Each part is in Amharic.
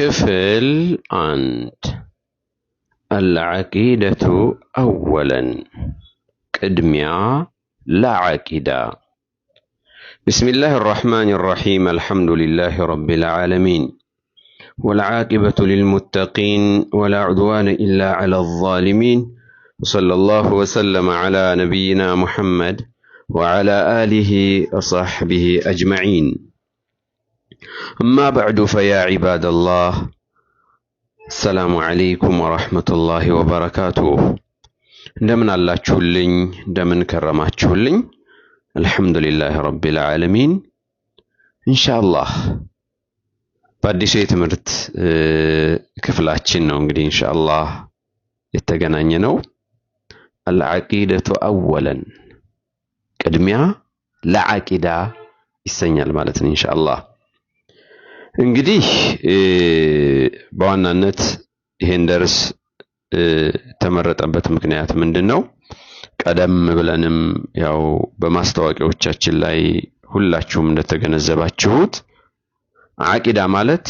كفل أنت العقيدة أولا كدميا لا عقيدة بسم الله الرحمن الرحيم الحمد لله رب العالمين والعاقبة للمتقين ولا عدوان إلا على الظالمين وصلى الله وسلم على نبينا محمد وعلى آله وصحبه أجمعين أما بعد فيا عباد الله السلام عليكم ورحمة الله وبركاته دمنا الله تشولين دمن كرمات تشولين الحمد لله رب العالمين إن شاء الله በአዲሱ የትምህርት ክፍላችን ነው እንግዲህ ኢንሻአላህ የተገናኘ ነው። አልዓቂደቱ አወለን ቅድሚያ ለዓቂዳ ይሰኛል ማለት ነው ኢንሻአላህ። እንግዲህ በዋናነት ይሄን ደርስ ተመረጠበት ምክንያት ምንድን ነው? ቀደም ብለንም ያው በማስታወቂያዎቻችን ላይ ሁላችሁም እንደተገነዘባችሁት አቂዳ ማለት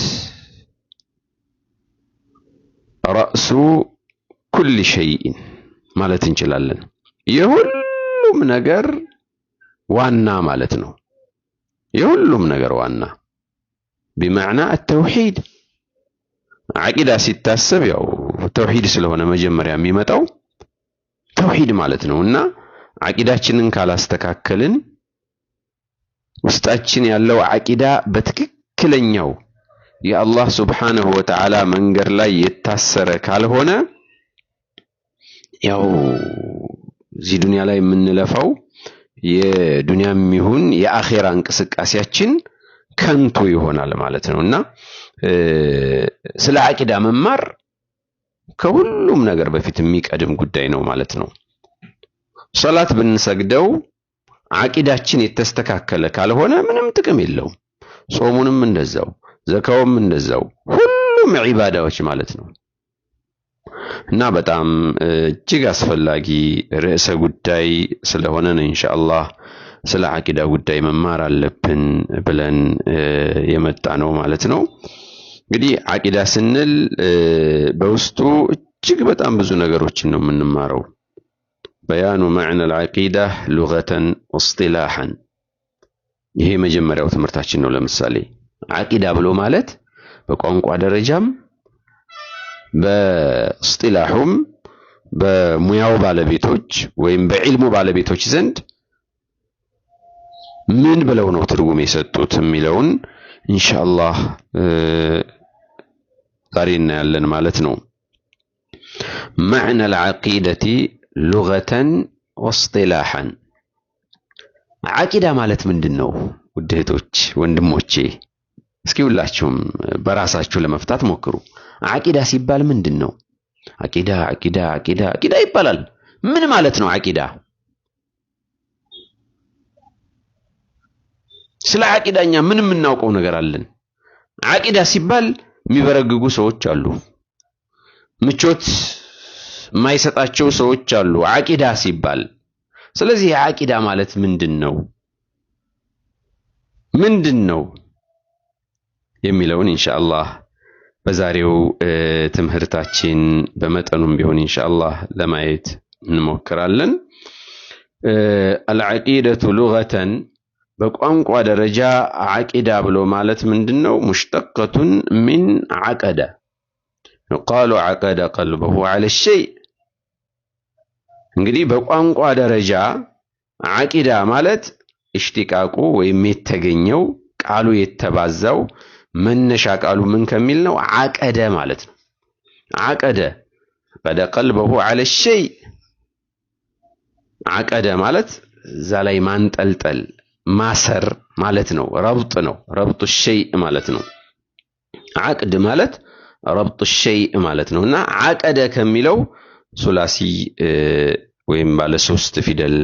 ረእሱ ኩል ሸይኢን ማለት እንችላለን። የሁሉም ነገር ዋና ማለት ነው። የሁሉም ነገር ዋና ቢመዕና ተውሂድ ዓቂዳ ሲታሰብ ያው ተውሂድ ስለሆነ መጀመሪያ የሚመጣው ተውሂድ ማለት ነው እና ዓቂዳችንን ካላስተካከልን ውስጣችን ያለው ዓቂዳ በትክክለኛው የአላህ ስብሓንሁ ወተዓላ መንገድ ላይ የታሰረ ካልሆነ ያው እዚህ ዱንያ ላይ የምንለፋው የዱንያም ይሁን የአኼራ እንቅስቃሴያችን ከንቱ ይሆናል ማለት ነው እና ስለ አቂዳ መማር ከሁሉም ነገር በፊት የሚቀድም ጉዳይ ነው ማለት ነው። ሰላት ብንሰግደው አቂዳችን የተስተካከለ ካልሆነ ምንም ጥቅም የለውም። ጾሙንም እንደዛው፣ ዘካውም እንደዛው፣ ሁሉም ዒባዳዎች ማለት ነው እና በጣም እጅግ አስፈላጊ ርዕሰ ጉዳይ ስለሆነ ነው ኢንሻአላህ ስለ አቂዳ ጉዳይ መማር አለብን ብለን የመጣ ነው ማለት ነው። እንግዲህ አቂዳ ስንል በውስጡ እጅግ በጣም ብዙ ነገሮችን ነው የምንማረው። በያኑ መዕና አልዓቂዳ ሉገተን ወስጢላሐን ይሄ የመጀመሪያው ትምህርታችን ነው። ለምሳሌ አቂዳ ብሎ ማለት በቋንቋ ደረጃም በእስጢላሁም በሙያው ባለቤቶች ወይም በዕልሙ ባለቤቶች ዘንድ ምን ብለው ነው ትርጉም የሰጡት የሚለውን ኢንሻአላህ ዛሬ እናያለን ማለት ነው። መዕነል አልዓቂደቲ ሉገተን ወስጢላሐን ዓቂዳ ማለት ምንድን ነው? ውድ እህቶች ወንድሞቼ፣ እስኪ ሁላችሁም በራሳችሁ ለመፍታት ሞክሩ። ዓቂዳ ሲባል ምንድን ነው? ዓቂዳ ዓቂዳ ዓቂዳ ዓቂዳ ይባላል። ምን ማለት ነው ዓቂዳ? ስለ አቂዳኛ ምን የምናውቀው ነገር አለን? አቂዳ ሲባል የሚበረግጉ ሰዎች አሉ። ምቾት የማይሰጣቸው ሰዎች አሉ አቂዳ ሲባል። ስለዚህ አቂዳ ማለት ምንድን ነው? ምንድን ነው የሚለውን ኢንሻአላህ በዛሬው ትምህርታችን በመጠኑም ቢሆን ኢንሻአላህ ለማየት እንሞክራለን። አልዐቂደቱ ሉገተን በቋንቋ ደረጃ ዓቂዳ ብሎ ማለት ምንድን ነው? ሙሽተቀቱን ሚን ዓቀደ ቃሉ ዓቀደ ቀልበሁ አለ ሸይ። እንግዲህ በቋንቋ ደረጃ ዓቂዳ ማለት እሽቲቃቁ ወይም የተገኘው ቃሉ የተባዛው መነሻ ቃሉ ምን ከሚል ነው? ዓቀደ ማለት ነው። ዓቀደ ቀደ ቀልበሁ አለ ሸይ ዓቀደ ማለት እዛ ላይ ማንጠልጠል ማሰር ማለት ነው። ረብጥ ነው። ረብጡ ሸይ ማለት ነው። አቅድ ማለት ረብጡ ሸይ ማለት ነው እና ከሚለው ሱላሲ ወይም ባለ ሶስት ፊደል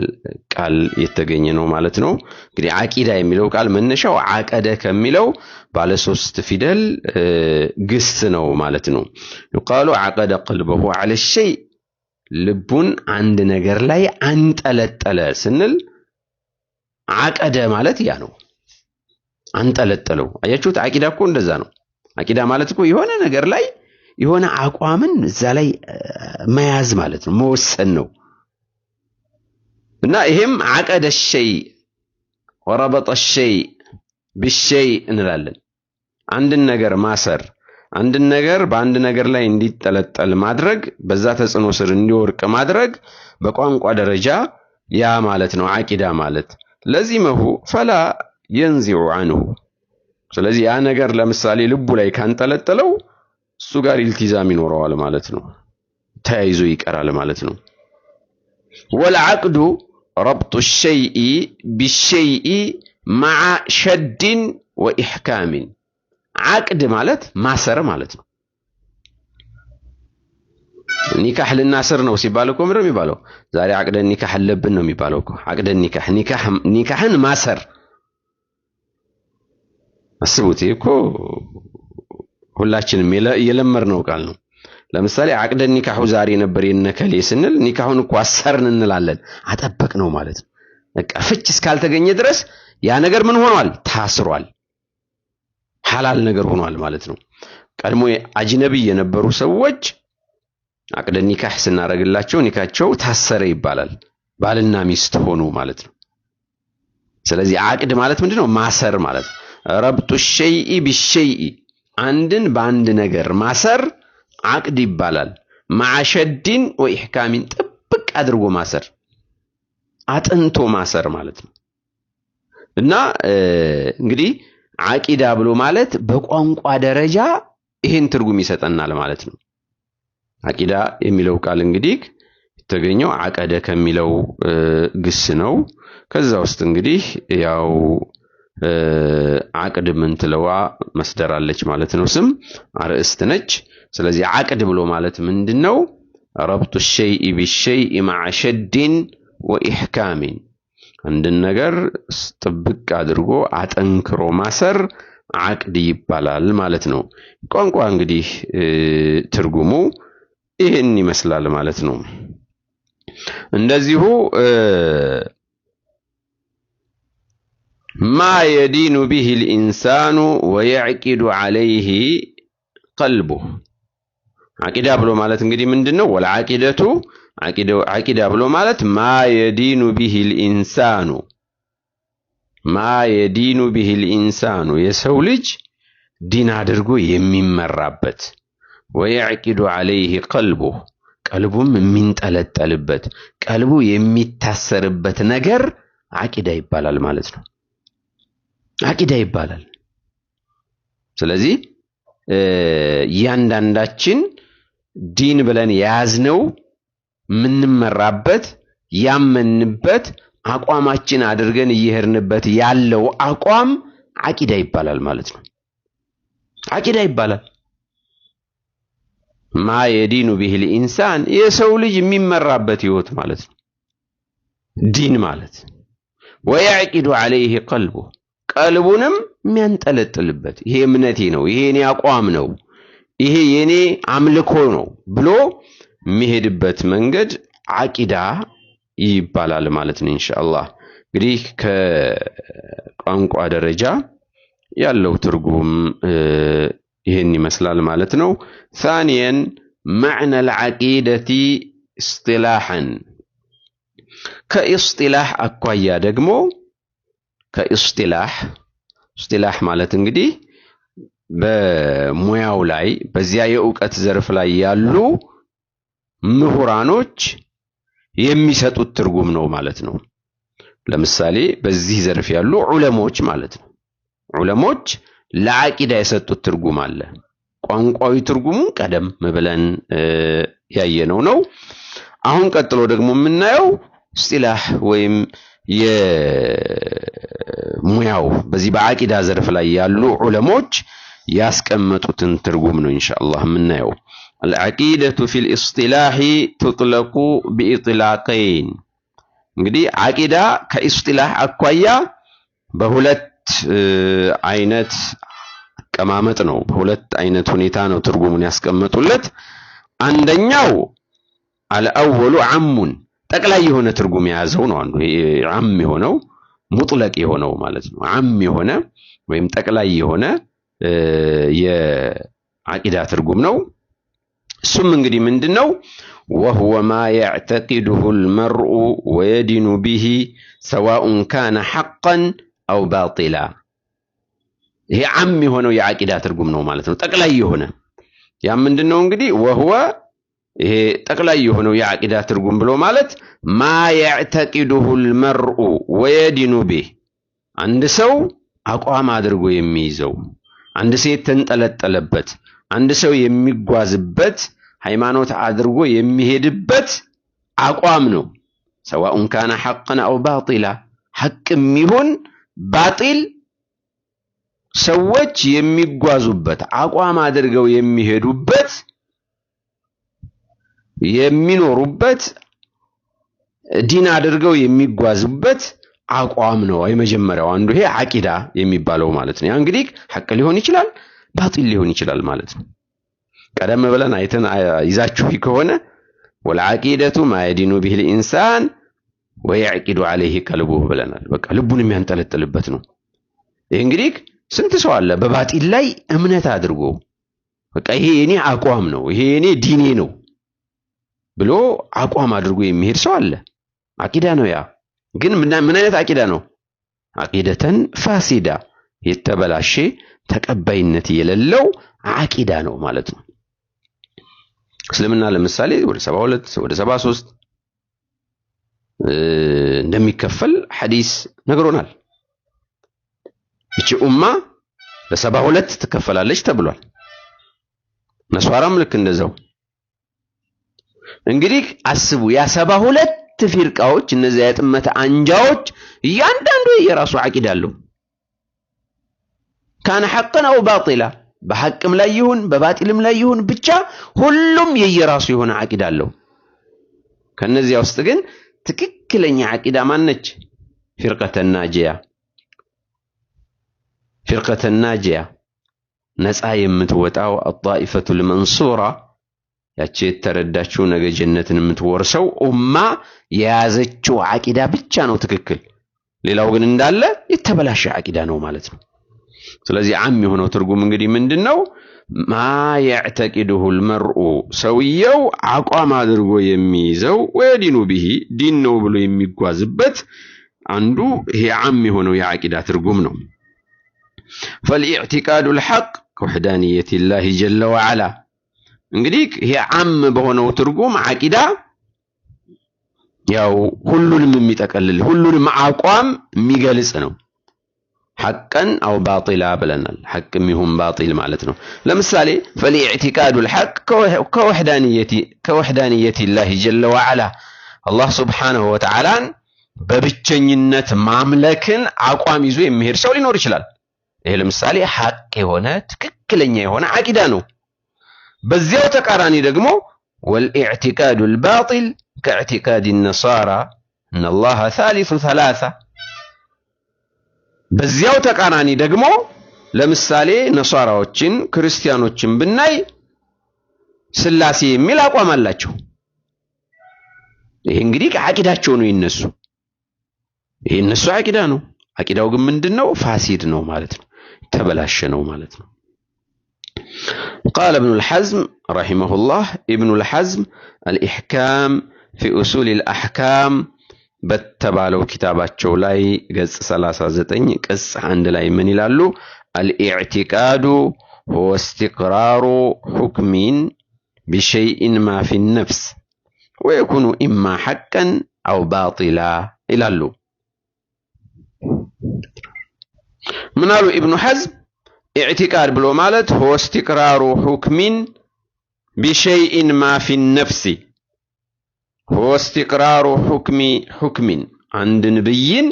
ቃል የተገኘ ነው ማለት ነው። እንግዲህ አቂዳ የሚለው ቃል መነሻው አቀደ ከሚለው ባለ ሶስት ፊደል ግስ ነው ማለት ነው። ዩቃሉ ዓቀደ ቀልበሁ ዐለ ሸይ ልቡን አንድ ነገር ላይ አንጠለጠለ ስንል አቀደ ማለት ያ ነው። አንጠለጠለው። አያችሁት? አቂዳ እኮ እንደዛ ነው። አቂዳ ማለት እኮ የሆነ ነገር ላይ የሆነ አቋምን እዛ ላይ መያዝ ማለት ነው፣ መወሰን ነው። እና ይሄም አቀደ ሸይ ወረበጠ ሸይ ብሸይ እንላለን። አንድን ነገር ማሰር፣ አንድን ነገር በአንድ ነገር ላይ እንዲጠለጠል ማድረግ፣ በዛ ተጽዕኖ ስር እንዲወርቅ ማድረግ በቋንቋ ደረጃ ያ ማለት ነው አቂዳ ማለት ለዚመሁ ፈላ የንዚዑ አንሁ። ስለዚህ ያ ነገር ለምሳሌ ልቡ ላይ ካንጠለጠለው እሱ ጋር ኢልቲዛም ይኖረዋል ማለት ነው፣ ተያይዞ ይቀራል ማለት ነው። ወልዓቅዱ ረብጡ ሸይኢ ቢሸይኢ መዓ ሸድን ወኢሕካሚን። ዓቅድ ማለት ማሰር ማለት ነው። ኒካህ ልናስር ነው ሲባል እኮ ምንድን ነው የሚባለው? ዛሬ አቅደን ኒካህ አለብን ነው የሚባለው እኮ አቅደን ኒካህ ኒካህን ማሰር። አስቡት እኮ ሁላችንም ነው ቃል ነው። ለምሳሌ አቅደን ኒካሁ ዛሬ ነበር የነከሌ ስንል ኒካሁን እኮ አሰርን እንላለን። አጠበቅ ነው ማለት ነው። በቃ ፍች እስካልተገኘ ድረስ ያ ነገር ምን ሆኗል? ታስሯል። ሐላል ነገር ሆኗል ማለት ነው። ቀድሞ አጅነቢ የነበሩ ሰዎች አቅደ ኒካህ ስናደርግላቸው ኒካቸው ታሰረ ይባላል። ባልና ሚስት ሆኑ ማለት ነው። ስለዚህ አቅድ ማለት ምንድነው? ማሰር ማለት ረብጡ ሸይኢ ቢሸይኢ አንድን በአንድ ነገር ማሰር አቅድ ይባላል። ማዕሸዲን ወኢሕካሚን ጥብቅ አድርጎ ማሰር፣ አጥንቶ ማሰር ማለት ነው። እና እንግዲህ አቂዳ ብሎ ማለት በቋንቋ ደረጃ ይሄን ትርጉም ይሰጠናል ማለት ነው። አቂዳ የሚለው ቃል እንግዲህ የተገኘው አቀደ ከሚለው ግስ ነው። ከዛ ውስጥ እንግዲህ ያው አቅድ ምንትለዋ መስደር አለች ማለት ነው። ስም አርእስት ነች። ስለዚህ አቅድ ብሎ ማለት ምንድን ነው? ረብጡ ሸይኢ ቢሸይኢ መዓ ሸዲን ወኢሕካሚን፣ አንድን ነገር ጥብቅ አድርጎ አጠንክሮ ማሰር አቅድ ይባላል ማለት ነው። ቋንቋ እንግዲህ ትርጉሙ ይህን ይመስላል ማለት ነው። እንደዚሁ ማ የዲኑ ቢህ ልኢንሳኑ ወየዕቂዱ ዓለይህ ቀልቡ ዓቂዳ ብሎ ማለት እንግዲህ ምንድን ነው? ወልዓቂደቱ ዓቂዳ ብሎ ማለት ማ የዲኑ ቢህ ልኢንሳኑ ማ የዲኑ ቢህ ልኢንሳኑ የሰው ልጅ ዲን አድርጎ የሚመራበት ወያዕቂዱ ዓለይህ ቀልቡ ቀልቡም የሚንጠለጠልበት ቀልቡ የሚታሰርበት ነገር አቂዳ ይባላል ማለት ነው። አቂዳ ይባላል። ስለዚህ እያንዳንዳችን ዲን ብለን የያዝነው የምንመራበት ያመንበት አቋማችን አድርገን እየሄድንበት ያለው አቋም አቂዳ ይባላል ማለት ነው። አቂዳ ይባላል። ማ የዲኑ ቢሂል ኢንሳን የሰው ልጅ የሚመራበት ህይወት ማለት ነው። ዲን ማለት ወያዕቂዱ ዓለይህ ቀልቡ ቀልቡንም የሚያንጠለጥልበት ይሄ እምነቴ ነው፣ ይሄ የኔ አቋም ነው፣ ይሄ የኔ አምልኮ ነው ብሎ የሚሄድበት መንገድ ዓቂዳ ይባላል ማለት ነው። ኢንሻአላህ እንግዲህ ከቋንቋ ደረጃ ያለው ትርጉም ይህን ይመስላል ማለት ነው። ታኒየን መዕነ ልዓቂደቲ እስጢላሐን ከእስጢላህ አኳያ ደግሞ ከእስጢላህ እስጢላህ ማለት እንግዲህ በሙያው ላይ በዚያ የእውቀት ዘርፍ ላይ ያሉ ምሁራኖች የሚሰጡት ትርጉም ነው ማለት ነው። ለምሳሌ በዚህ ዘርፍ ያሉ ዑለሞች ማለት ነው ዑለሞች ለአቂዳ የሰጡት ትርጉም አለ። ቋንቋዊ ትርጉሙ ቀደም ብለን ያየነው ነው። አሁን ቀጥሎ ደግሞ የምናየው እስጢላህ ወይም የሙያው በዚህ በአቂዳ ዘርፍ ላይ ያሉ ዑለሞች ያስቀመጡትን ትርጉም ነው ኢንሻአላህ የምናየው። አልዓቂደቱ ፊል እስጢላሂ ቱጥለቁ ቢኢጥላቀይን። እንግዲህ አቂዳ ከእስጢላህ አኳያ በሁለት አይነት አቀማመጥ ነው። በሁለት አይነት ሁኔታ ነው ትርጉሙን ያስቀመጡለት። አንደኛው አልአወሉ አሙን ጠቅላይ የሆነ ትርጉም የያዘው ነው። አንዱ አም የሆነው ሙጥለቅ የሆነው ማለት ነው። አም የሆነ ወይም ጠቅላይ የሆነ የአቂዳ ትርጉም ነው። እሱም እንግዲህ ምንድን ነው? ወህወ ማ የዕተቂድሁ አልመርኡ ወየዲኑ ቢሂ ሰዋኡን ካነ ሐቀን አው ባጢላ ይሄ ዓም የሆነው የዓቂዳ ትርጉም ነው ማለት ነው። ጠቅላይ የሆነ ያ ምንድን ነው እንግዲህ ወህወ ይሄ ጠቅላይ የሆነው የአቂዳ ትርጉም ብሎ ማለት ማ የዕተቂዱሁ ልመርኡ ወየዲኑ ቢህ አንድ ሰው አቋም አድርጎ የሚይዘው አንድ ሰው የተንጠለጠለበት አንድ ሰው የሚጓዝበት ሃይማኖት አድርጎ የሚሄድበት አቋም ነው። ሰዋኡን ካነ ሐቅን አው ባጢላ ሐቅ የሚሆን ባጢል ሰዎች የሚጓዙበት አቋም አድርገው የሚሄዱበት የሚኖሩበት ዲን አድርገው የሚጓዙበት አቋም ነው። የመጀመሪያው አንዱ ይሄ አቂዳ የሚባለው ማለት ነው። ያ እንግዲህ ሐቅ ሊሆን ይችላል፣ ባጢል ሊሆን ይችላል ማለት ነው። ቀደም ብለን አይተን ይዛችሁ ከሆነ ወልዓቂደቱ ማየዲኑ የዲኑ ኢንሳን ወያዕቂዱ አለይህ ከልቡ ብለናል። በቃ ልቡን የሚያንጠለጥልበት ነው። ይህ እንግዲህ ስንት ሰው አለ በባጢል ላይ እምነት አድርጎ በቃ ይሄ የኔ አቋም ነው፣ ይሄ የኔ ዲኔ ነው ብሎ አቋም አድርጎ የሚሄድ ሰው አለ። አቂዳ ነው ያ። ግን ምን አይነት አቂዳ ነው? አቂደተን ፋሲዳ የተበላሸ ተቀባይነት የሌለው አቂዳ ነው ማለት ነው። እስልምና ለምሳሌ ወደ 72 ወደ 73 እንደሚከፈል ሐዲስ ነግሮናል። እቺ ኡማ ለሰባ ሁለት ትከፈላለች ተብሏል። ነሷራም ልክ እንደዛው። እንግዲህ አስቡ ያ ሰባ ሁለት ፊርቃዎች እነዚያ የጥመተ አንጃዎች እያንዳንዱ የራሱ አቂዳ አለው። ካነ ሐቅን አው ባጢላ በሐቅም ላይ ይሁን በባጢልም ላይ ይሁን ብቻ ሁሉም የየራሱ የሆነ አቂዳ አለው። ከነዚያ ውስጥ ግን ትክክለኛ ዓቂዳ ማነች? ፊርቀተን ናጅያ ፊርቀተን ናጅያ ነፃ የምትወጣው አጣኢፈቱል መንሱራ ያቺ የተረዳችው ነገ ጀነትን የምትወርሰው ኡማ የያዘችው ዓቂዳ ብቻ ነው ትክክል። ሌላው ግን እንዳለ የተበላሸ ዓቂዳ ነው ማለት ነው። ስለዚህ አም የሆነው ትርጉም እንግዲህ ምንድን ነው? ማ የዕተቂድሁ መርኡ ሰውየው አቋም አድርጎ የሚይዘው ወየዲኑ ብሂ ዲን ነው ብሎ የሚጓዝበት አንዱ ይሄ አም የሆነው የዓቂዳ ትርጉም ነው። ፈልኢዕቲቃዱ ልሐቅ ከውሕዳንየት ላሂ ጀለ ወዓላ እንግዲህ ይሄ አም በሆነው ትርጉም ዓቂዳ ያው ሁሉንም የሚጠቀልል ሁሉንም አቋም የሚገልጽ ነው። حقا او باطلا بلنا الحق ميهم باطل معناتنا لمثالي فالاعتقاد الحق كوحدانيه كوحدانيه الله جل وعلا الله سبحانه وتعالى ببتشنينت مملكن عقوام يزو يمهر سولي نور يشلال ايه لمثالي حق هنا تككلنيا هنا عقيدانو بزيو تقراني دقمو والاعتقاد الباطل كاعتقاد النصارى ان الله ثالث ثلاثه በዚያው ተቃራኒ ደግሞ ለምሳሌ ነሷራዎችን፣ ክርስቲያኖችን ብናይ ስላሴ የሚል አቋም አላቸው። ይሄ እንግዲህ ከአቂዳቸው ነው የነሱ ይሄ እነሱ አቂዳ ነው። አቂዳው ግን ምንድነው? ፋሲድ ነው ማለት ነው፣ ተበላሸ ነው ማለት ነው። ابن الحزم رحمه الله ኢብኑል الحزم الاحكام ፊ ኡሱሊል الاحكام شو لاي ላይ ገጽ 39 ቅጽ 1 لاي ምን ይላሉ አልኢዕቲቃዱ هو استقرار حكم بشيء ما في النفس ويكون إما حقا أو باطلا إلى اللو منالو ابن حزم اعتقاد بلو مالت هو استقرار حكم بشيء ما في النفس ሁወ እስትቅራሩ ሑክሚ ሑክሚን አንድን ብይን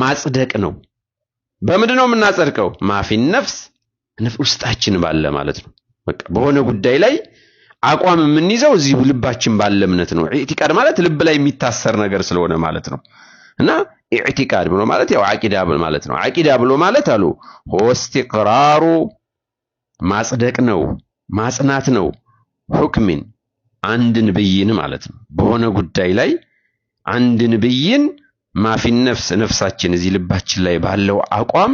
ማጽደቅ ነው። በምንድን ነው የምናጸድቀው? ማፊን ነፍስ ውስጣችን ባለ ማለት ነው። በቃ በሆነ ጉዳይ ላይ አቋም የምንይዘው እዚሁ ልባችን ባለ እምነት ነው። ኢዕቲቃድ ማለት ልብ ላይ የሚታሰር ነገር ስለሆነ ማለት ነው። እና ኢዕቲቃድ ብሎ ማለት ያው ዓቂዳ ማለት ነው። አቂዳ ብሎ ማለት አሉ ሁወ እስትቅራሩ ማጽደቅ ነው ማጽናት ነው ሑክሚን አንድን ብይን ማለት ነው። በሆነ ጉዳይ ላይ አንድን ብይን ማፊን ነፍስ ነፍሳችን እዚህ ልባችን ላይ ባለው አቋም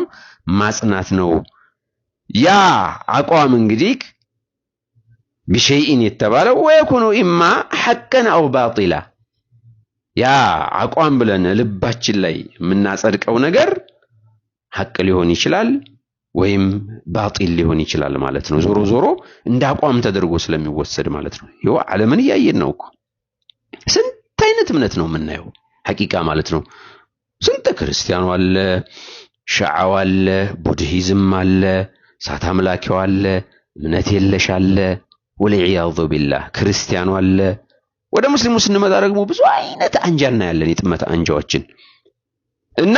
ማጽናት ነው። ያ አቋም እንግዲህ ቢሸይኢን የተባለው ወይኩኑ ኢማ ሐቀን አው ባጢላ ያ አቋም ብለን ልባችን ላይ የምናጸድቀው ነገር ሐቅ ሊሆን ይችላል ወይም ባጢል ሊሆን ይችላል ማለት ነው። ዞሮ ዞሮ እንደ አቋም ተደርጎ ስለሚወሰድ ማለት ነው። ይኸው ዓለምን እያየን ነው እኮ ስንት አይነት እምነት ነው የምናየው ሐቂቃ ማለት ነው። ስንት ክርስቲያኑ አለ፣ ሻዓው አለ፣ ቡድሂዝም አለ፣ ሳት አምላኪው አለ፣ እምነት የለሽ አለ፣ ወልዕያዙ ቢላህ ክርስቲያኑ አለ። ወደ ሙስሊሙ ስንመጣ ደግሞ ብዙ አይነት አንጃ እናያለን፣ የጥመት አንጃዎችን እና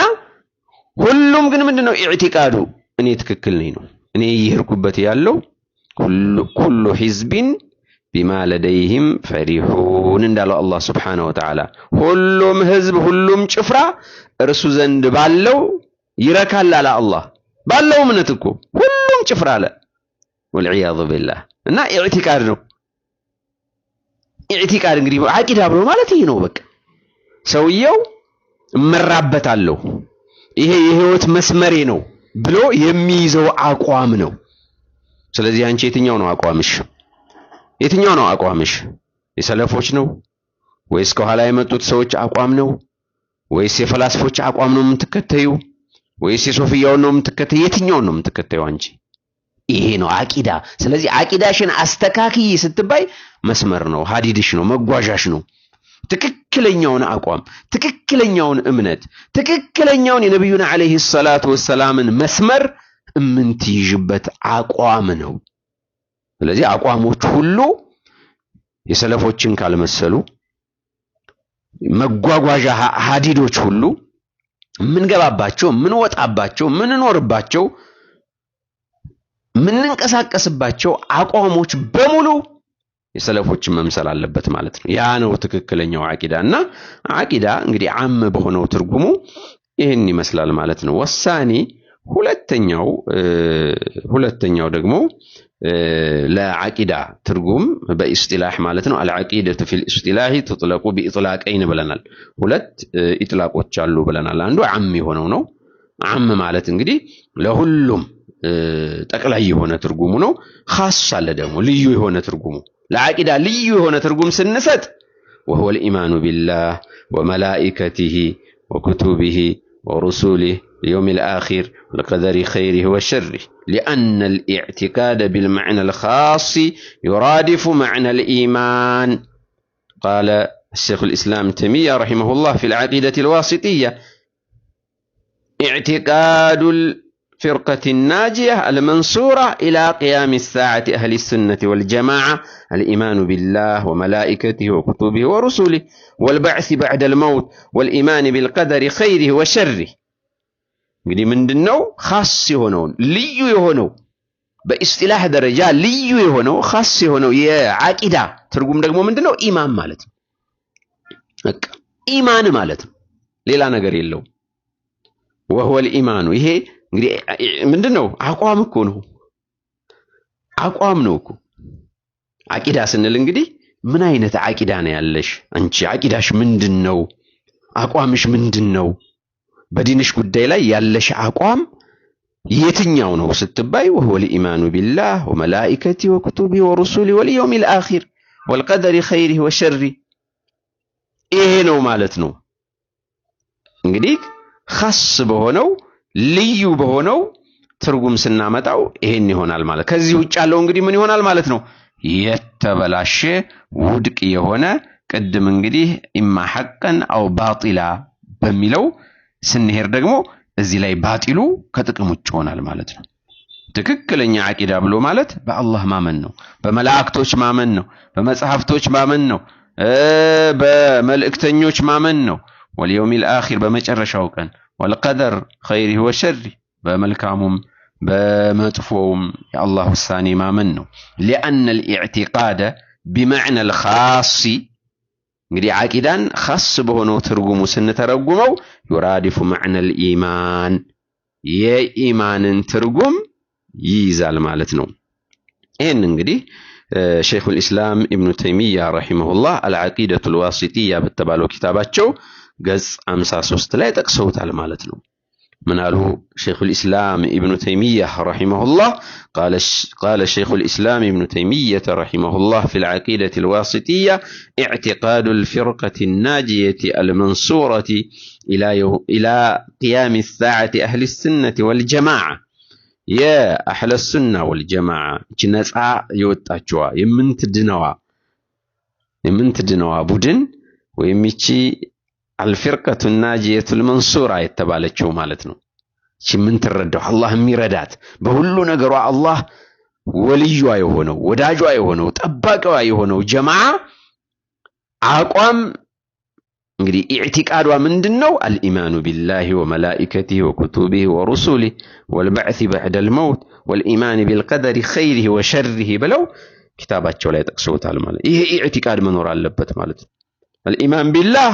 ሁሉም ግን ምንድነው ኢዕቲቃዱ እኔ ትክክል ነኝ ነው። እኔ እየሄድኩበት ያለው ኩሉ ሒዝቢን ቢማ ለደይህም ፈሪሑን እንዳለው አላህ ስብሓነ ወተዓላ ሁሉም ህዝብ፣ ሁሉም ጭፍራ እርሱ ዘንድ ባለው ይረካል አለ አላህ። ባለው እምነት እኮ ሁሉም ጭፍራ አለ ወልዕያዙ ቢላህ። እና ኢዕቲቃድ ነው። ኢዕቲቃድ እንግዲህ አቂዳ ብሎ ማለት ይህ ነው። በቃ ሰውየው እመራበታለሁ፣ ይሄ የህይወት መስመሬ ነው ብሎ የሚይዘው አቋም ነው። ስለዚህ አንቺ የትኛው ነው አቋምሽ? የትኛው ነው አቋምሽ? የሰለፎች ነው ወይስ ከኋላ የመጡት ሰዎች አቋም ነው ወይስ የፈላስፎች አቋም ነው የምትከተዩ ወይስ የሶፍያውን ነው የምትከተዩ? የትኛውን ነው የምትከተዩ አንቺ? ይሄ ነው አቂዳ። ስለዚህ አቂዳሽን አስተካክይ ስትባይ መስመር ነው፣ ሀዲድሽ ነው፣ መጓዣሽ ነው። ትክክለኛውን አቋም፣ ትክክለኛውን እምነት፣ ትክክለኛውን የነብዩን ዓለይሂ ሰላቱ ወሰላምን መስመር እምንትይዥበት አቋም ነው። ስለዚህ አቋሞች ሁሉ የሰለፎችን ካልመሰሉ መጓጓዣ ሀዲዶች ሁሉ የምንገባባቸው፣ የምንወጣባቸው፣ የምንኖርባቸው፣ የምንንቀሳቀስባቸው አቋሞች በሙሉ የሰለፎችን መምሰል አለበት ማለት ነው። ያ ነው ትክክለኛው አቂዳ እና አቂዳ እንግዲህ አም በሆነው ትርጉሙ ይህን ይመስላል ማለት ነው። ወሳኒ ሁለተኛው ሁለተኛው ደግሞ ለአቂዳ ትርጉም በኢስጢላህ ማለት ነው። አልዓቂደቱ ፊል ኢስጢላሂ ትጥለቁ ቢኢጥላቀይን ብለናል። ሁለት ኢጥላቆች አሉ ብለናል። አንዱ አም የሆነው ነው። አም ማለት እንግዲህ ለሁሉም ጠቅላይ የሆነ ትርጉሙ ነው። ኻስ አለ ደግሞ ልዩ የሆነ ትርጉሙ لعقيدة ليه هنا ترجم ስንሰጥ وهو الإيمان بالله وملائكته وكتبه ورسوله يوم الآخر لقدر خيره وشره لأن الاعتقاد بالمعنى الخاص يرادف معنى الإيمان قال الشيخ الإسلام تيمية رحمه الله في العقيدة الواسطية اعتقاد فرقة الناجية المنصورة إلى قيام الساعة أهل السنة والجماعة الإيمان بالله وملائكته وكتبه ورسله والبعث بعد الموت والإيمان بالقدر خيره وشره قلي من دنو خاص هنو ليو يهنو باستلاح درجة ليو يهنو خاص هنو يا عاقدة ترقم دقمو من دنو إيمان مالت إيمان مالت ليلا نقري اللو وهو الإيمان وهي إيه؟ እንግዲህ ምንድን ነው አቋም እኮ ነው አቋም ነው እኮ አቂዳ ስንል እንግዲህ ምን አይነት አቂዳ ነው ያለሽ አንቺ አቂዳሽ ምንድን ነው አቋምሽ ምንድን ነው በዲንሽ ጉዳይ ላይ ያለሽ አቋም የትኛው ነው ስትባይ ወሁወል ኢማኑ ቢላህ ወመላኢከቲ ወኩቱቢ ወሩሱሊ ወልየውሚል አኺር ወልቀደሪ ኸይሪ ወሸሪ ይሄ ነው ማለት ነው እንግዲህ ኸስ በሆነው ልዩ በሆነው ትርጉም ስናመጣው ይሄን ይሆናል ማለት። ከዚህ ውጭ ያለው እንግዲህ ምን ይሆናል ማለት ነው? የተበላሸ ውድቅ የሆነ ቅድም እንግዲህ ኢማ ሐቀን አው ባጢላ በሚለው ስንሄድ ደግሞ እዚህ ላይ ባጢሉ ከጥቅም ውጭ ይሆናል ማለት ነው። ትክክለኛ አቂዳ ብሎ ማለት በአላህ ማመን ነው፣ በመላእክቶች ማመን ነው፣ በመጽሐፍቶች ማመን ነው፣ በመልእክተኞች ማመን ነው፣ ወልየውሚል አኺር በመጨረሻው ቀን ወልቀደር ኸይሪህ ወሸሪ በመልካሙም በመጥፎውም የአላህ ውሳኔ ማመን ነው። ሊአነ ልኢዕቲቃደ ቢመዕና ልኻሲ እንግዲህ ዓቂዳን ኻስ በሆነው ትርጉሙ ስንተረጉመው ዩራዲፉ መዕና ልኢማን የኢማንን ትርጉም ይይዛል ማለት ነው። ይህን እንግዲህ ሸይኹል ኢስላም ኢብኑ ተይሚያ ረሒመሁላህ አልዓቂደቱል ዋሲጢያ በተባለው ኪታባቸው ገጽ 53 ላይ ጠቅሰውታል ማለት ነው من قاله شيخ الإسلام ابن تيمية رحمه الله قال قال شيخ الإسلام ابن تيمية رحمه الله في العقيدة الواسطية اعتقاد الفرقة الناجية المنصورة إلى يو إلى قيام الساعة أهل السنة والجماعة يا أهل السنة والجماعة جناس يوتاجوا يمنت دنوا يمنت دنوا بودن ويمشي الفرقة الناجية المنصورة شو مالتنو من تردو الله ميردات بهلو نقروا الله وليو ايهونو وداجو ايهونو تباكو ايهونو جماعة عاقوام انجري اعتقادوا من دنو الإيمان بالله وملائكته وكتبه ورسله والبعث بعد الموت والإيمان بالقدر خيره وشره بلو كتابات شو لا يتقسوت تعالى مالتنو إيه اعتقاد منور اللبت مالتنو الإيمان بالله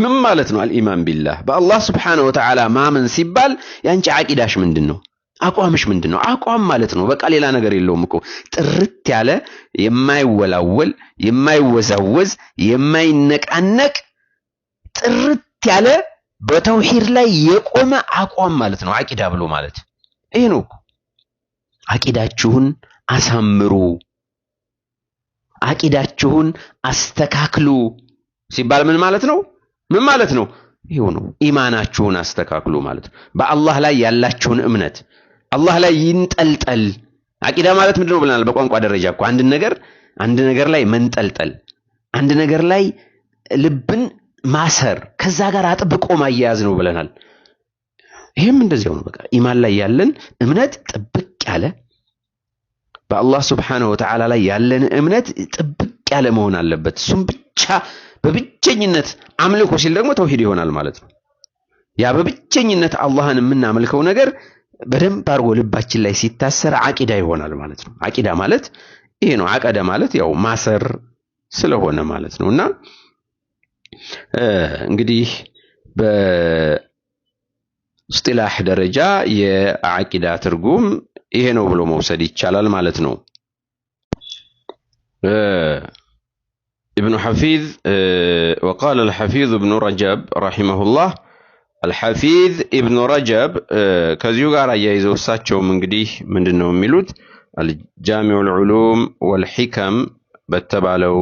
ምን ማለት ነው? አልኢማን ቢላህ በአላህ ስብሓነሁ ወተዓላ ማመን ሲባል የአንቺ አቂዳሽ ምንድን ነው? አቋምሽ ምንድን ነው? አቋም ማለት ነው በቃ ሌላ ነገር የለውም እኮ ጥርት ያለ የማይወላወል የማይወዛወዝ የማይነቃነቅ ጥርት ያለ በተውሂድ ላይ የቆመ አቋም ማለት ነው። አቂዳ ብሎ ማለት ይሄ ነው። አቂዳችሁን አሳምሩ፣ አቂዳችሁን አስተካክሉ ሲባል ምን ማለት ነው? ምን ማለት ነው? ይሄው ነው። ኢማናችሁን አስተካክሉ ማለት ነው። በአላህ ላይ ያላችሁን እምነት አላህ ላይ ይንጠልጠል። አቂዳ ማለት ምንድነው ብለናል? በቋንቋ ደረጃ እኮ አንድ ነገር አንድ ነገር ላይ መንጠልጠል፣ አንድ ነገር ላይ ልብን ማሰር፣ ከዛ ጋር አጥብቆ ማያያዝ ነው ብለናል። ይህም እንደዚያው ነው። በቃ ኢማን ላይ ያለን እምነት ጥብቅ ያለ በአላህ ስብሓነሁ ወተዓላ ላይ ያለን እምነት ጥብቅ ያለ መሆን አለበት። እሱም ብቻ በብቸኝነት አምልኮ ሲል ደግሞ ተውሂድ ይሆናል ማለት ነው። ያ በብቸኝነት አላህን የምናመልከው ነገር በደንብ አድርጎ ልባችን ላይ ሲታሰር አቂዳ ይሆናል ማለት ነው። አቂዳ ማለት ይሄ ነው። አቀደ ማለት ያው ማሰር ስለሆነ ማለት ነው። እና እንግዲህ በስጢላህ ደረጃ የአቂዳ ትርጉም ይሄ ነው ብሎ መውሰድ ይቻላል ማለት ነው። ابن حفيظ آه، وقال الحفيظ ابن رجب رحمه الله الحفيظ ابن رجب آه، ከዚሁ ጋር ساتشو من እንግዲህ من ነው የሚሉት الجامع العلوم والحكم له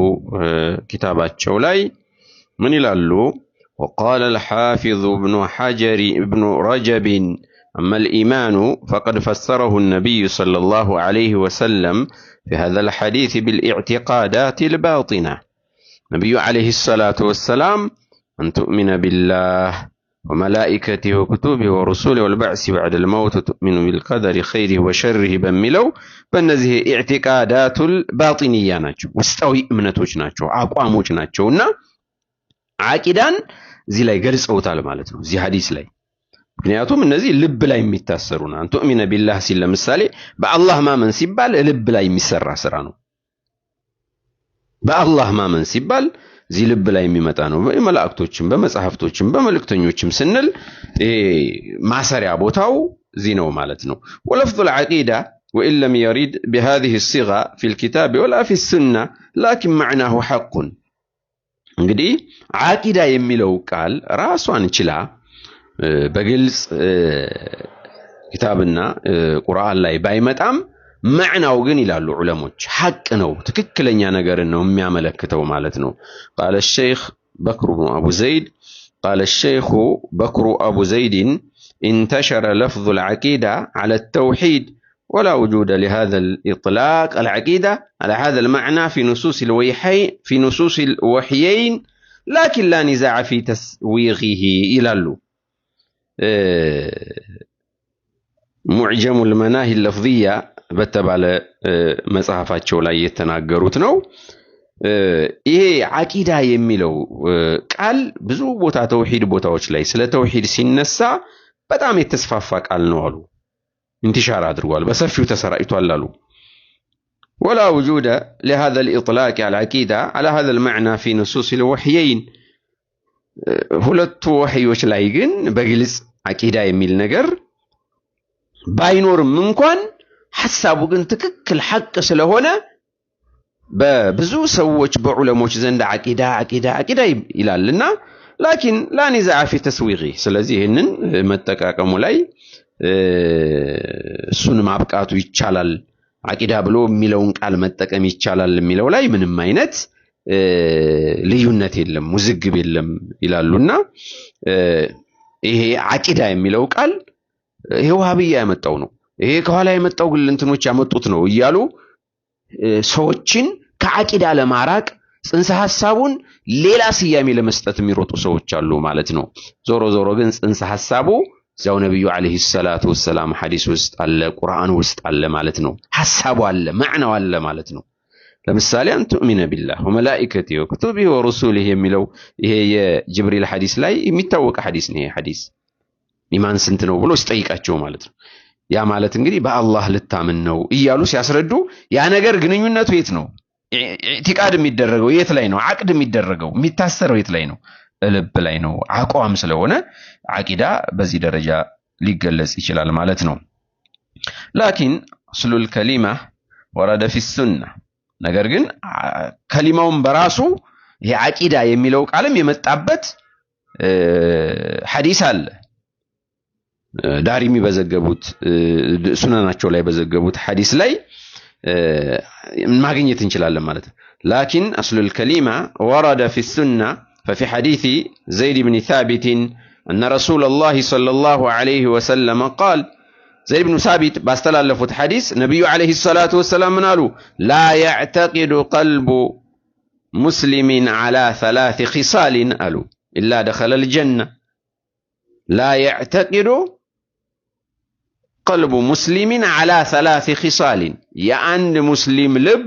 كتابات شولاي من الالو وقال الحافظ ابن حجر ابن رجب أما الإيمان فقد فسره النبي صلى الله عليه وسلم في هذا الحديث بالاعتقادات الباطنه ነቢዩ ዓለይሂ ሰላቱ ወሰላም አንቱእሚነ ቢላህ ወመላኢከቲህ ወኩቱቢህ ወሩሱሊህ ወልበዕሲ በዕደል መውት ወቱእሚኑ ቢልቀደሪ ኸይሪህ ወሸሪህ በሚለው በእነዚህ ኢዕቲቃዳቱል ባጢንያ ናቸው፣ ውስጣዊ እምነቶች ናቸው፣ አቋሞች ናቸው እና ዓቂዳን እዚህ ላይ ገልጸውታል ማለት ነው እዚህ ሐዲስ ላይ ምክንያቱም እነዚህ ልብ ላይ የሚታሰሩ ናቸው። አንቱእሚነ ቢላህ ሲል ለምሳሌ በአላህ ማመን ሲባል ልብ ላይ የሚሰራ ስራ ነው። በአላህ ማመን ሲባል እዚህ ልብ ላይ የሚመጣ ነው። በመላእክቶችም በመጽሐፍቶችም በመልእክተኞችም ስንል ማሰሪያ ቦታው እዚህ ነው ማለት ነው። ወለፍዙ ልዓቂዳ ወኢን ለም የሪድ ቢሃዚህ ሲጋ ፊ ልኪታብ ወላ ፊ ሱና ላኪን ማዕናሁ ሐቁን። እንግዲህ ዓቂዳ የሚለው ቃል ራሷን ችላ በግልጽ ኪታብና ቁርአን ላይ ባይመጣም معنى جن إلى العلماء حق أنو تككلن يا نجار إنهم يعملك ملكته مالتنو قال الشيخ بكر بن أبو زيد قال الشيخ بكر أبو زيد انتشر لفظ العقيدة على التوحيد ولا وجود لهذا الإطلاق العقيدة على هذا المعنى في نصوص الوحي في نصوص الوحيين لكن لا نزاع في تسويغه إلى اللو آه، معجم المناهي اللفظية በተባለ መጽሐፋቸው ላይ የተናገሩት ነው። ይሄ አቂዳ የሚለው ቃል ብዙ ቦታ ተውሂድ ቦታዎች ላይ ስለ ተውሂድ ሲነሳ በጣም የተስፋፋ ቃል ነው አሉ። ኢንቲሻር አድርጓል፣ በሰፊው ተሰራጭቷል አሉ። ወላ ውጁደ ለሃዘ ልኢጥላቅ አልዓቂዳ አላ ሃዘ ልመዕና ፊ ንሱስ ልወሕየይን። ሁለቱ ወሕዮች ላይ ግን በግልጽ አቂዳ የሚል ነገር ባይኖርም እንኳን ሐሳቡ ግን ትክክል ሐቅ ስለሆነ በብዙ ሰዎች በዑለሞች ዘንድ አቂዳ አቂዳ አቂዳ ይላልና ላኪን ላኒዛዓ ፊ ተስዊቂ። ስለዚህ ይህንን መጠቃቀሙ ላይ እሱን ማብቃቱ ይቻላል። አቂዳ ብሎ የሚለውን ቃል መጠቀም ይቻላል የሚለው ላይ ምንም አይነት ልዩነት የለም፣ ውዝግብ የለም ይላሉና ይሄ አቂዳ የሚለው ቃል ይሄ ውሃብያ ያመጣው ነው። ይሄ ከኋላ የመጣው ግል እንትኖች ያመጡት ነው እያሉ ሰዎችን ከአቂዳ ለማራቅ ጽንሰ ሐሳቡን ሌላ ስያሜ ለመስጠት የሚሮጡ ሰዎች አሉ ማለት ነው። ዞሮ ዞሮ ግን ጽንሰ ሐሳቡ እዚያው ነብዩ አለይሂ ሰላቱ ወሰላም ሐዲስ ውስጥ አለ፣ ቁርአን ውስጥ አለ ማለት ነው። ሐሳቡ አለ፣ ማዕናው አለ ማለት ነው። ለምሳሌ አን ቱእሚነ ቢላህ ወመላኢከቲ ወክቱቢ ወሩሱሊ የሚለው ይሄ የጅብሪል ሐዲስ ላይ የሚታወቅ ሐዲስ ነው። ይሄ ሐዲስ ኢማን ስንት ነው ብሎ ሲጠይቃቸው ማለት ነው ያ ማለት እንግዲህ በአላህ ልታምን ነው እያሉ ሲያስረዱ ያ ነገር ግንኙነቱ የት ነው? ኢዕቲቃድ የሚደረገው የት ላይ ነው? አቅድ የሚደረገው የሚታሰረው የት ላይ ነው? ልብ ላይ ነው። አቋም ስለሆነ አቂዳ በዚህ ደረጃ ሊገለጽ ይችላል ማለት ነው። ላኪን ስሉል ከሊማ ወረደ ፊ ሱና። ነገር ግን ከሊማውን በራሱ ይሄ አቂዳ የሚለው ቃልም የመጣበት ሐዲስ አለ داريمي بزرگبود سنانا حديث لاي حدیث لای ماقين على لما لكن أصل الكلمة ورد في السنة ففي حديث زيد بن ثابت أن رسول الله صلى الله عليه وسلم قال زيد بن ثابت باستلال لفت حديث نبي عليه الصلاة والسلام قالوا لا يعتقد قلب مسلم على ثلاث خصال قالوا إلا دخل الجنة لا يعتقد ቀልቡ ሙስሊሚን ዓላ ሰላት ኺሳሊን የአንድ ሙስሊም ልብ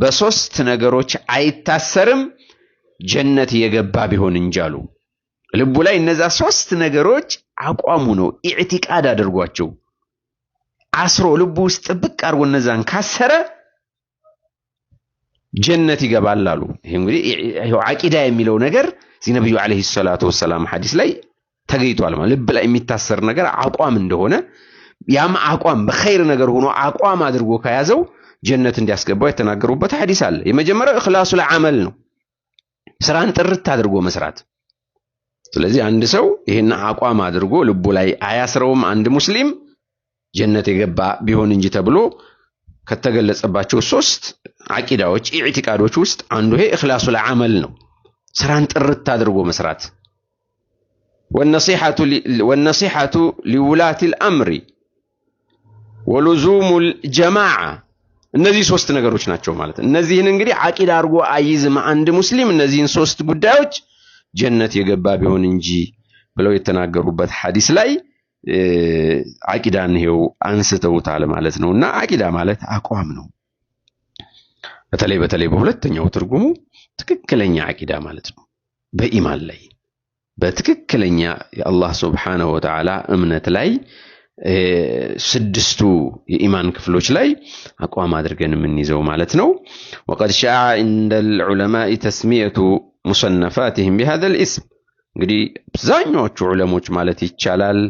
በሶስት ነገሮች አይታሰርም ጀነት የገባ ቢሆን እንጂ አሉ። ልቡ ላይ እነዛ ሶስት ነገሮች አቋሙ ነው ኢዕቲቃድ አድርጓቸው አስሮ ልቡ ውስጥ ጥብቅ አድርጎ እነዛን ካሰረ ጀነት ይገባል አሉ። ይሄ እንግዲህ አቂዳ የሚለው ነገር እዚህ ነብዩ ዓለይሂ ሰላቱ ወሰላም ሐዲስ ላይ ተገይቷል። ማለት ልብ ላይ የሚታሰር ነገር አቋም እንደሆነ ያም አቋም በኸይር ነገር ሆኖ አቋም አድርጎ ከያዘው ጀነት እንዲያስገባው የተናገሩበት ሐዲስ አለ። የመጀመሪያው እኽላሱ ለዓመል ነው፣ ስራን ጥርት አድርጎ መስራት። ስለዚህ አንድ ሰው ይህን አቋም አድርጎ ልቡ ላይ አያስረውም አንድ ሙስሊም ጀነት የገባ ቢሆን እንጂ ተብሎ ከተገለጸባቸው ሶስት አቂዳዎች ኢዕቲቃዶች ውስጥ አንዱ ይሄ እኽላሱ ለዓመል ነው፣ ስራን ጥርት አድርጎ መስራት ወነሲሐቱ ሊውላቲል አምሪ ወሉዙሙል ጀማዓ እነዚህ ሶስት ነገሮች ናቸው ማለት እነዚህን እንግዲህ አቂዳ አድርጎ አይዝም አንድ ሙስሊም እነዚህን ሶስት ጉዳዮች ጀነት የገባ ቢሆን እንጂ ብለው የተናገሩበት ሐዲስ ላይ አቂዳን ይሄው አንስተውታል ማለት ነው። እና አቂዳ ማለት አቋም ነው። በተለይ በተለይ በሁለተኛው ትርጉሙ ትክክለኛ አቂዳ ማለት ነው። በኢማን ላይ በትክክለኛ የአላህ ሱብሓነሁ ወተዓላ እምነት ላይ ስድስቱ የኢማን ክፍሎች ላይ አቋም አድርገን የምንይዘው ማለት ነው። ወቀድ ሸዓ እንደ ልዑለማኢ ተስሚየቱ ሙሰነፋትህም ቢሃዘ ልእስም እንግዲህ አብዛኛዎቹ ዑለሞች ማለት ይቻላል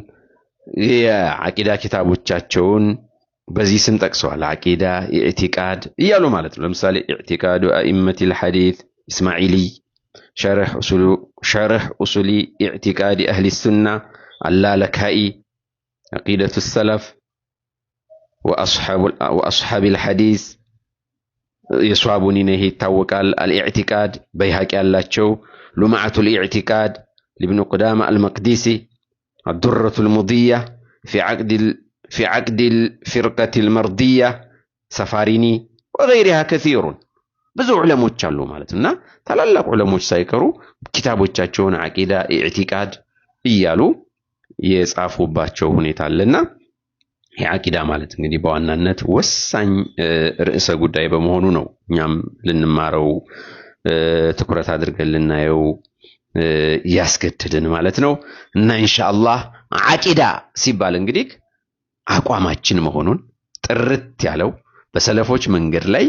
የዓቂዳ ኪታቦቻቸውን በዚህ ስም ጠቅሰዋል። ዓቂዳ ኢዕቲቃድ እያሉ ማለት ነው። ለምሳሌ ኢዕቲቃዱ አኢመት ልሐዲት እስማዒሊ፣ ሸርሕ ኡሱሊ ኢዕቲቃድ አህሊ ሱና፣ አላለካኢ عقيدة السلف وأصحاب وأصحاب الحديث يصابوني نه توكل الاعتقاد بيهاك الله شو لمعة الاعتقاد لابن قدامة المقدسي الدرة المضية في عقد في عقد الفرقة المرضية سفاريني وغيرها كثير بزو علماء تشالو مالتنا تلالق علماء سايكرو كتابو تشاتشون عقيدة اعتقاد إيالو የጻፉባቸው ሁኔታ አለና የአቂዳ ማለት እንግዲህ በዋናነት ወሳኝ ርዕሰ ጉዳይ በመሆኑ ነው እኛም ልንማረው ትኩረት አድርገን ልናየው ያስገድድን ማለት ነው እና ኢንሻአላህ አቂዳ ሲባል እንግዲህ አቋማችን መሆኑን ጥርት ያለው በሰለፎች መንገድ ላይ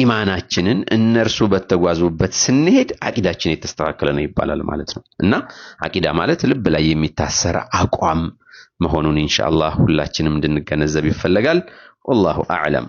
ኢማናችንን እነርሱ በተጓዙበት ስንሄድ አቂዳችን የተስተካከለ ነው ይባላል ማለት ነው። እና አቂዳ ማለት ልብ ላይ የሚታሰረ አቋም መሆኑን ኢንሻአላህ ሁላችንም እንድንገነዘብ ይፈለጋል። ወላሁ አዕለም።